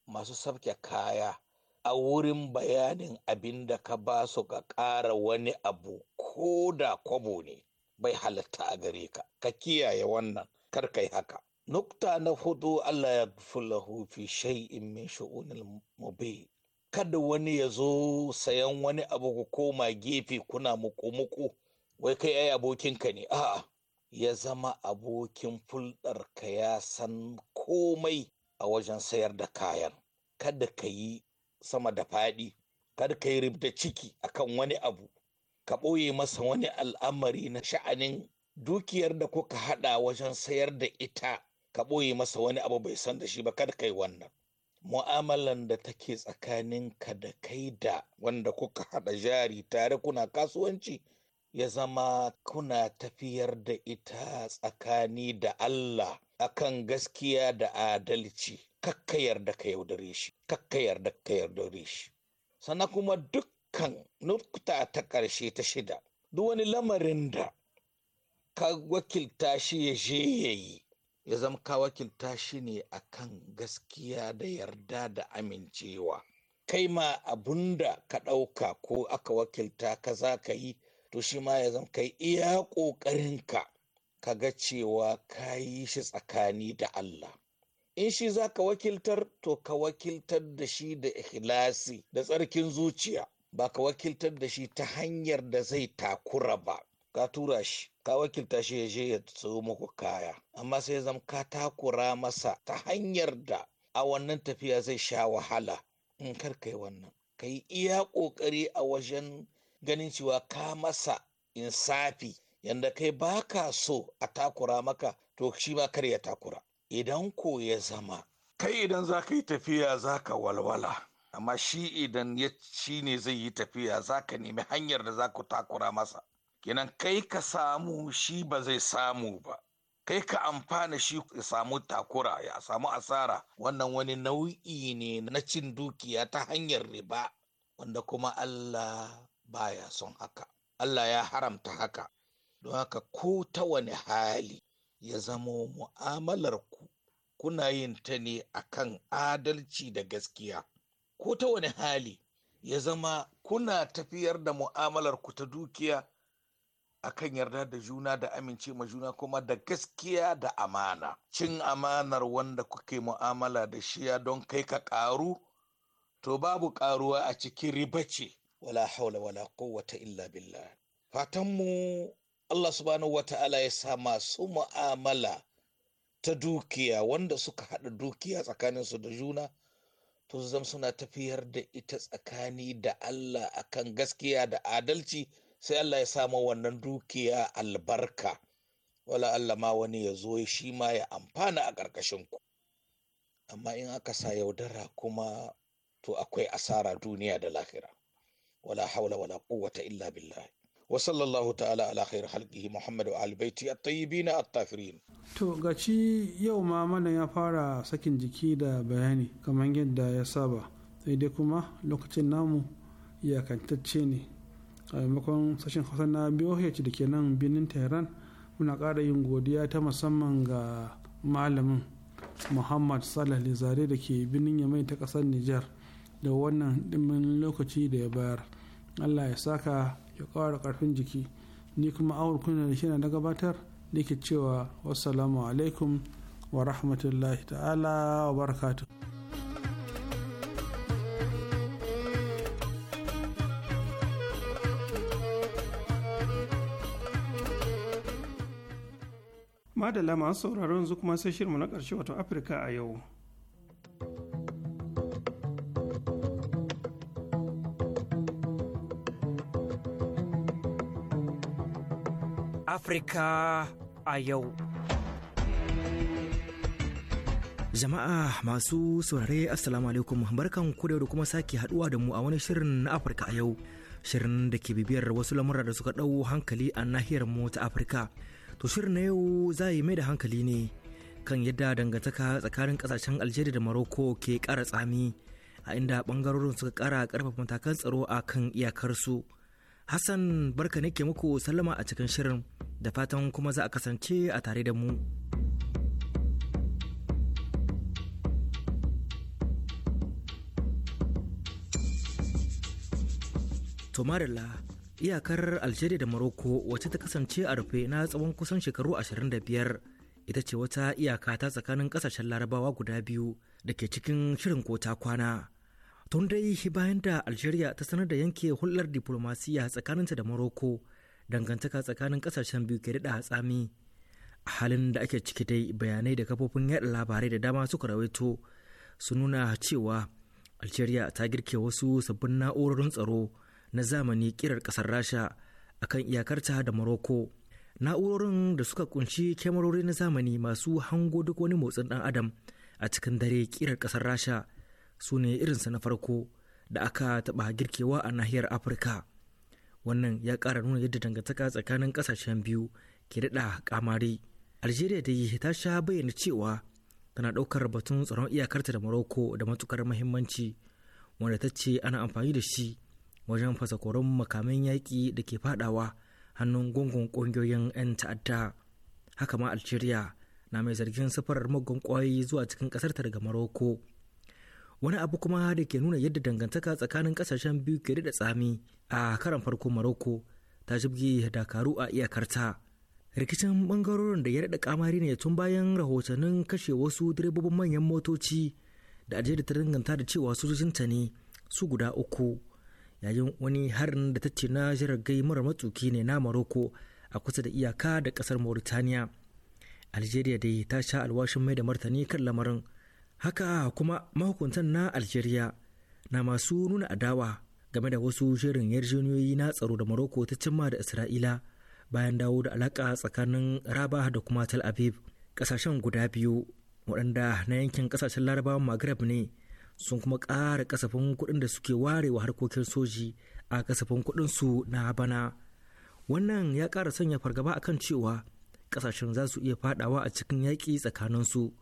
masu sabke kaya a wurin bayanin abin da ka ba su ka ƙara wani abu ko da kwabo ne bai halatta a gare ka ka kiyaye wannan kar kai haka nukta na hudu Allah ya fulahu fi shay'in min shu'unil mubi kada wani ya zo sayan wani abu ku koma gefe kuna muku-muku wai kai ai abokinka ne a'a ya zama abokin ka ya san komai a wajen sayar da kayan kada ka yi sama da faɗi kada ka yi ribda ciki akan wani abu ka ɓoye masa wani al'amari na sha'anin dukiyar da kuka haɗa wajen sayar da ita ka ɓoye masa wani abu bai san da shi ba kada kai wannan mu'amalan da take tsakanin ka da kai da wanda kuka haɗa jari tare kuna kasuwanci ya zama kuna tafiyar da ita tsakani da Allah akan gaskiya da adalci kakka da ka yaudare shi kakka yarda ka yaudare shi sannan kuma duk kan nukta ta ƙarshe ta shida duk wani lamarin da ka wakilta shi ya je ya yi ya zama ka wakilta shi ne a kan gaskiya da yarda da amincewa kai ma abun da ka ɗauka ko aka wakilta ka za ka yi to shi ma ya zama kai iya ƙoƙarinka ka ga cewa ka yi shi tsakani da Allah in shi za ka wakiltar to ka wakiltar da shi da ikhlasi da tsarkin zuciya ba ka wakiltar da shi ta hanyar da zai takura ba ka tura shi ka wakilta shi ya je ya tsawo muku kaya amma sai zama ka takura masa ta hanyar da a wannan tafiya zai sha wahala in kar kai wannan ka yi iya ƙoƙari a wajen ganin cewa ka masa insafi yanda kai ba ka so a takura maka to shi ma kar ya takura idan ko ya zama kai idan za ka yi tafiya za ka walwala amma shi idan ya shi ne zai yi tafiya za ka nemi hanyar da za ku takura masa kenan kai ka samu shi ba zai samu ba kai ka amfana shi ya samu takura ya samu asara wannan wani nau'i ne na cin dukiya ta hanyar riba wanda kuma Allah baya son haka Allah ya haramta haka don haka ko ta wani hali ya zamo mu'amalar ku kuna yin ta ne akan adalci da gaskiya ko ta wani hali ya zama kuna tafiyar da mu'amalar ku ta dukiya a kan yarda da juna da amince ma juna kuma da gaskiya da amana cin amanar wanda kuke mu'amala da shiya don kai ka ƙaru to babu ƙaruwa a cikin riba ce wala haula wala quwwata illa billah fatanmu Allah subhanahu wata'ala ya sa masu mu'amala ta dukiya wanda suka haɗa dukiya tsakaninsu da juna to su zama suna tafiyar da ita tsakani da Allah akan gaskiya da adalci sai Allah ya samu wannan dukiya albarka wala Allah ma wani ya zo shi ma ya amfana a ƙarƙashin ku amma in aka sa yaudara kuma to akwai asara duniya da lahira wala haula wala quwwata illa billahi wa ta'ala ala khair halqihi muhammad wa ali baiti at to gaci yau ma mana ya fara sakin jiki da bayani kamar yadda ya saba sai dai kuma lokacin namu iyakantacce ne a maimakon sashen hausa na boh da ke nan birnin tehran muna ƙara yin godiya ta musamman ga malamin muhammad salah lizare da ke birnin yamai ta ƙasar nijar da wannan dimin lokaci da ya bayar allah ya saka ya ƙara ƙarfin jiki ni kuma awar kuna da shirya na gabatar nake cewa wassalamu alaikum wa rahmatullahi ta'ala wa barakatu. madalla masu sauraron yanzu kuma sai shirmu na ƙarshe wato afirka a yau Afirka a yau. Jama'a masu saurare Assalamu alaikum barkan ku da kuma sake haduwa da mu a wani shirin na Afirka a yau. Shirin da ke bibiyar wasu lamura da suka ɗau hankali a nahiyar mu ta Afirka. To shirin na yau za yi mai da hankali ne kan yadda dangantaka tsakanin ƙasashen Algeria da Morocco ke ƙara tsami a inda ɓangarorin suka ƙara ƙarfafa matakan tsaro a kan iyakarsu. Hassan barka ke muku sallama a cikin shirin da fatan kuma za a kasance a tare da mu. Tomarilla iyakar Algeria da Morocco wacce ta kasance a rufe na tsawon kusan shekaru 25 ita ce wata iyaka ta tsakanin kasashen larabawa guda biyu da ke cikin shirin ko kwana. tun dai bayan da algeria ta sanar da yanke hulɗar diplomasiya tsakaninta da morocco dangantaka tsakanin kasashen biyu ke daɗa hatsami a halin da ake ciki dai bayanai da kafofin yaɗa labarai da dama suka rawaito su nuna cewa algeria ta girke wasu sabbin na'urorin tsaro na zamani kirar kasar rasha akan iyakarta da morocco na'urorin da suka kunshi kyamarori na zamani masu hango duk wani motsin dan adam a cikin dare kirar kasar rasha su ne irinsa na farko da aka taɓa girkewa a nahiyar afirka wannan ya ƙara nuna yadda dangantaka tsakanin ƙasashen biyu ke daɗa ƙamari algeria da yi ta sha bayyana cewa tana ɗaukar batun tsaron iyakarta da morocco da matukar mahimmanci wanda ta ce ana amfani da shi wajen koron makamin yaƙi da ke faɗawa hannun gungun ƙungiyoyin 'yan ta'adda haka ma algeria na mai zargin safarar magun ƙwayoyi zuwa cikin ƙasarta daga morocco wani abu kuma da ke nuna yadda dangantaka tsakanin kasashen biyu ke da tsami a karan farko maroko ta jibge dakaru a iyakarta rikicin bangarorin da ya daɗa kamari ne tun bayan rahotannin kashe wasu direbobin manyan motoci da ajiyar da ta danganta da cewa ta ne su guda uku yayin wani harin da ta ce na jiragai mara matsuki ne na maroko a kusa da iyaka da kasar mauritaniya algeria dai ta sha alwashin mai da martani kan lamarin haka kuma mahukuntan na algeria na masu nuna adawa game da wasu shirin yarjejeniyoyi na tsaro da morocco ta cimma da isra'ila bayan dawo da alaka tsakanin raba da kuma tel aviv kasashen guda biyu waɗanda na yankin kasashen larabawan maghreb ne sun kuma ƙara kasafin kuɗin da suke warewa harkokin soji a kasafin kuɗin su na bana wannan ya ƙara sanya fargaba akan cewa kasashen za su iya faɗawa a cikin yaƙi tsakanin su.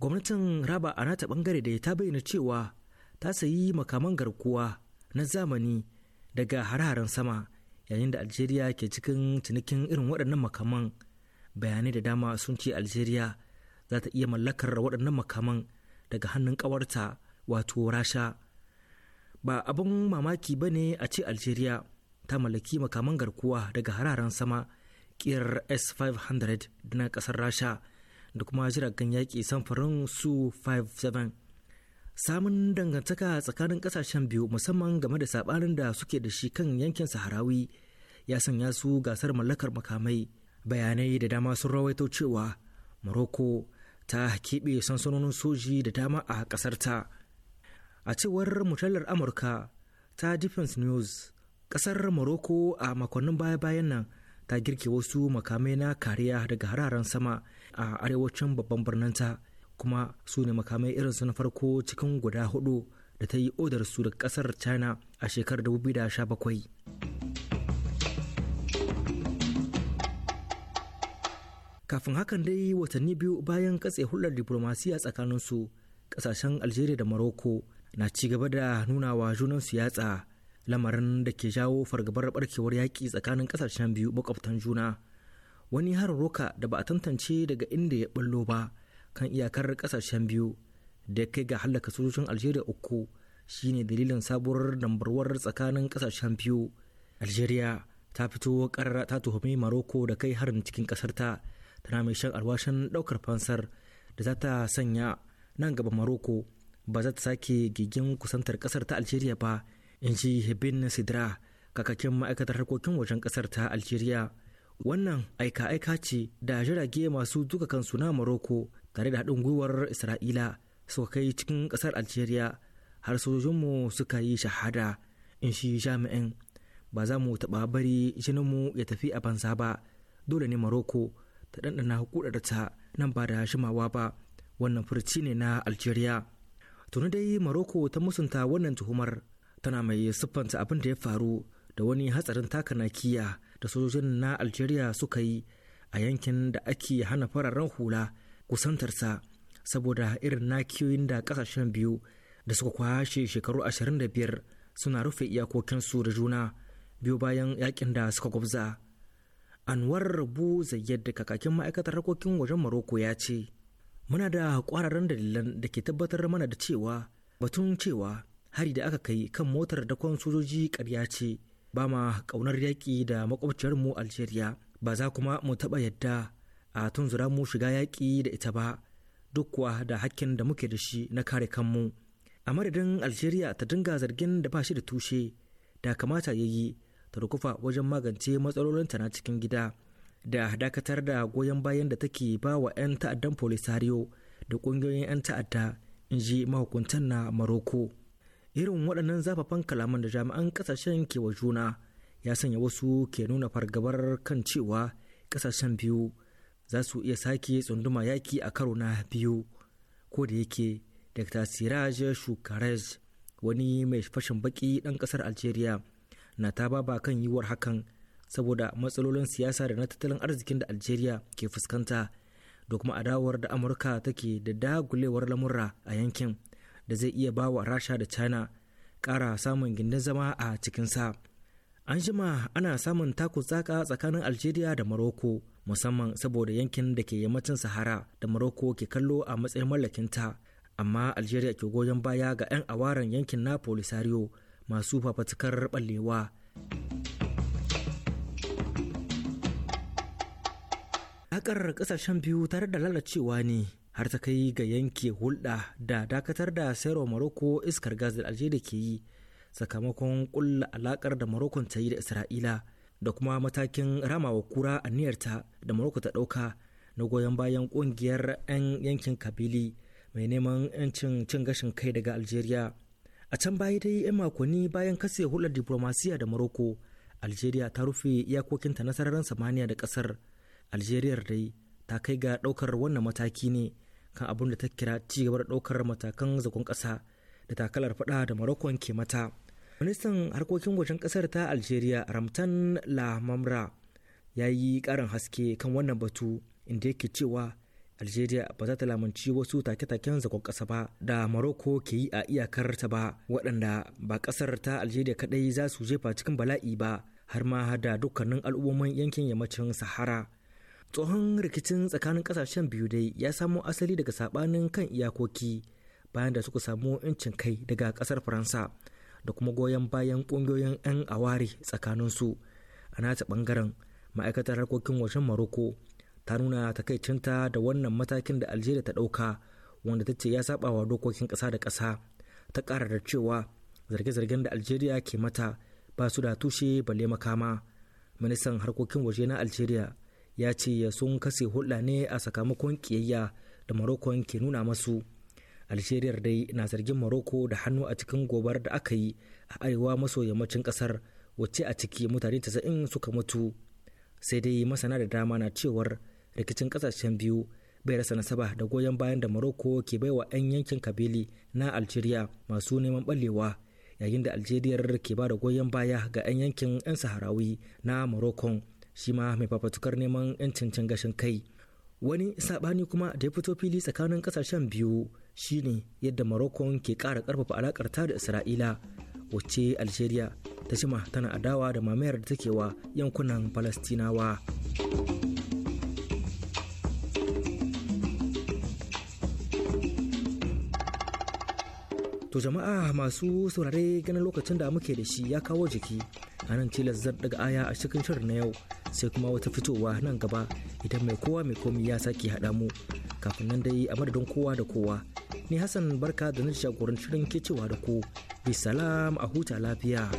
gwamnatin raba a nata bangare da ta bayyana cewa ta sayi makaman garkuwa na zamani daga har-haren sama yayin da algeria ke cikin cinikin irin waɗannan makaman bayanai da dama sun ce algeria za ta iya mallakar waɗannan makaman daga hannun ƙawarta wato rasha ba abin mamaki ba ne a ce algeria ta mallaki makaman garkuwa daga hararen sama kirar s-500 na ƙasar rasha da kuma jiragen yaƙi samfurin su 57 samun dangantaka tsakanin kasashen biyu musamman game da saɓanin da suke da shi kan yankin saharawi ya sanya su gasar mallakar makamai bayanai da dama sun rawaito cewa morocco ta keɓe sansanonin soji da dama a ta a cewar mujallar amurka ta defense news ƙasar morocco a makonnin baya-bayan nan ta girke wasu makamai na kariya daga hararen sama a arewacin babban birnin ta kuma su ne makamai irin su na farko cikin guda hudu da ta yi odar su daga kasar china a shekarar 2017 kafin hakan dai watanni biyu bayan katse hular diplomasiya tsakaninsu kasashen algeria da morocco na ci gaba da nuna wa su yatsa lamarin da ke jawo fargabar barkewar yaƙi tsakanin kasashen biyu makwabtan juna wani harin roka da ba a tantance daga inda ya ɓullo ba kan iyakar ƙasashen biyu da kai ga hallaka sojojin algeria uku shine dalilin sabuwar dambarwar tsakanin ƙasashen biyu algeria ta fito ƙarara ta tuhumi maroko da kai harin cikin ƙasarta tana mai shan alwashin ɗaukar fansar da za ta sanya nan gaba maroko ba za ta sake gigin kusantar ƙasar ta algeria ba in ji hibin sidra kakakin ma'aikatar harkokin wajen ƙasar ta algeria wannan aika-aika ce da jirage masu duka kansu na morocco tare da haɗin gwiwar isra'ila suka kai cikin ƙasar algeria har sojojinmu suka yi shahada in shi jami'in ba za mu taɓa bari jininmu ya tafi a banza ba dole ne maroko ta ɗanɗana hukudarta nan ba da shimawa ba wannan furci ne na algeria tuni dai maroko ta musunta wannan tuhumar tana mai siffanta abin da ya faru da wani hatsarin taka nakiya da sojojin na algeria suka yi a yankin da ake hana fararen hula kusantarsa saboda irin nakiyoyin da kasashen biyu da suka kwashe shekaru 25 suna rufe iyakokinsu da juna biyu bayan yakin da suka gwabza anwar rabu zayyad da kakakin ma'aikatar harkokin wajen maroko ya ce muna da kwararren dalilan da ke tabbatar mana da cewa batun cewa hari da aka kai kan motar dakon sojoji karya ce ba ma ƙaunar yaƙi da makwabciyarmu algeria ba za kuma mu taɓa yadda a tunzura mu shiga yaƙi da ita ba duk kuwa da hakkin da muke da shi na kare kanmu a madadin algeria ta dinga zargin da ba shi da tushe da kamata ya yi ta rukufa wajen magance matsalolinta na cikin gida da dakatar da goyon bayan da take ba wa 'yan ta'addan polisario da ƙungiyoyin 'yan ta'adda in ji mahukuntan na maroko irin waɗannan zafafan kalaman da jami'an ƙasashen ke wa juna ya sanya wasu ke nuna fargabar kan cewa ƙasashen biyu za su iya sake tsunduma yaki a karo na biyu ko da yake dr siraj shukarez wani mai fashin baki ɗan ƙasar algeria na ta baba kan yiwuwar hakan saboda matsalolin siyasa da na tattalin arzikin da algeria ke fuskanta da kuma adawar da amurka take da dagulewar lamurra a yankin da zai iya ba wa rasha da china kara samun gindin zama a cikinsa an jima ana samun taku tsaka tsakanin algeria da morocco musamman saboda yankin da ke yammacin sahara da morocco ke kallo a matsayin mallakinta amma algeria ke goyon baya ga 'yan awaran yankin na polisario masu fafatukar ballewa haƙar ƙasashen biyu tare da lalacewa ne har ta kai ga yanke hulɗa da dakatar da sayarwa maroko iskar gas da Algeria ke yi sakamakon kulla alakar da marokon ta yi da Isra'ila da kuma matakin ramawa kura aniyarta da maroko ta ɗauka na goyon bayan ƙungiyar 'yan yankin Kabili mai neman 'yancin cin gashin kai daga Algeria. A can baya dai 'yan makonni bayan kase hulɗar diplomasiya da maroko Algeria ta rufe iyakokinta na sararin samaniya da ƙasar. Algeria dai ta kai ga ɗaukar wannan mataki ne kan abin da ta kira ci gaba da ɗaukar matakan zagon ƙasa da takalar faɗa da marokon ke mata. Ministan harkokin wajen ƙasar ta Algeria Ramtan Lamamra ya yi ƙarin haske kan wannan batu inda yake cewa Algeria ba za ta lamunci wasu take-taken zagon ƙasa ba da maroko ke yi a iyakar ta ba waɗanda ba ƙasar ta Algeria kaɗai za su jefa cikin bala'i ba har ma da dukkanin al'ummomin yankin yammacin Sahara. tsohon rikicin tsakanin kasashen biyu dai ya samo asali daga sabanin kan iyakoki bayan da suka samu incin kai daga kasar faransa da kuma goyon bayan kungiyoyin 'yan aware tsakaninsu a nata bangaren ma'aikatar harkokin wajen maroko ta nuna takaicinta da wannan matakin da algeria ta ɗauka wanda ta ce ya saba wa dokokin ƙasa da ƙasa ta ƙara da cewa zarge-zargen da algeria ke mata ba su da tushe balle makama ministan harkokin waje na algeria ya ce sun kase hulɗa ne a sakamakon kiyayya da marokon ke nuna masu. Algeria dai na zargin maroko da hannu a cikin gobar da aka yi a arewa maso yammacin kasar wacce a ciki mutane 90 suka mutu. Sai dai masana da dama na cewar rikicin kasashen biyu bai rasa nasaba da goyon bayan da maroko ke baiwa 'yan yankin Kabili na Algeria masu neman ɓallewa yayin da Algeria ke ba da goyon baya ga 'yan yankin 'yan Saharawi na Morocco shi ma mai fafatukar neman 'yancin can gashin kai wani sabani kuma da ya fito fili tsakanin kasashen biyu shine yadda morocco ke kara karfafa alakar ta da isra'ila wacce algeria ta shima tana adawa da mamayar da take wa yankunan palestinawa to jama'a masu saurare ganin lokacin da muke da shi ya kawo jiki a nan tilas zan daga aya a cikin shirin na yau sai kuma wata fitowa nan gaba idan mai kowa mai komi ya sake haɗa mu kafin nan dai a madadin kowa da kowa ni hassan barka da na jagorancin cewa da ku bisalam a huta lafiya.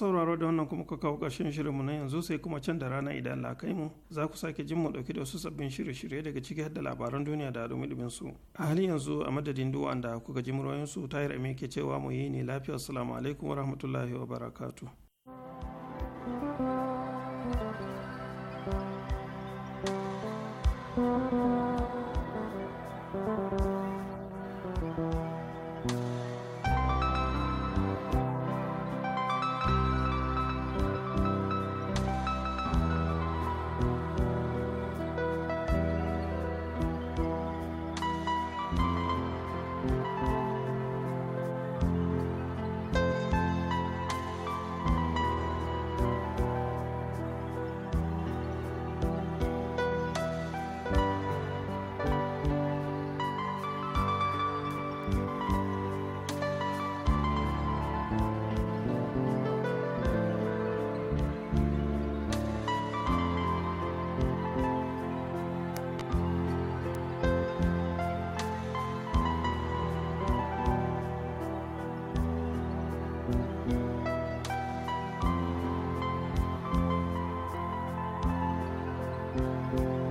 sauraro da wannan kuma ka kawo ƙarshen shirinmu na yanzu sai kuma can da rana idan lakai mu za ku sake jin mu ɗauki da wasu sabbin shirye-shirye daga ciki har da labaran duniya da dumi su. A halin yanzu a madadin an da kuka ji muryoyin su tayar ke cewa mu yi ne lafiya assalamu alaikum wa rahmatullahi wa barakatu. you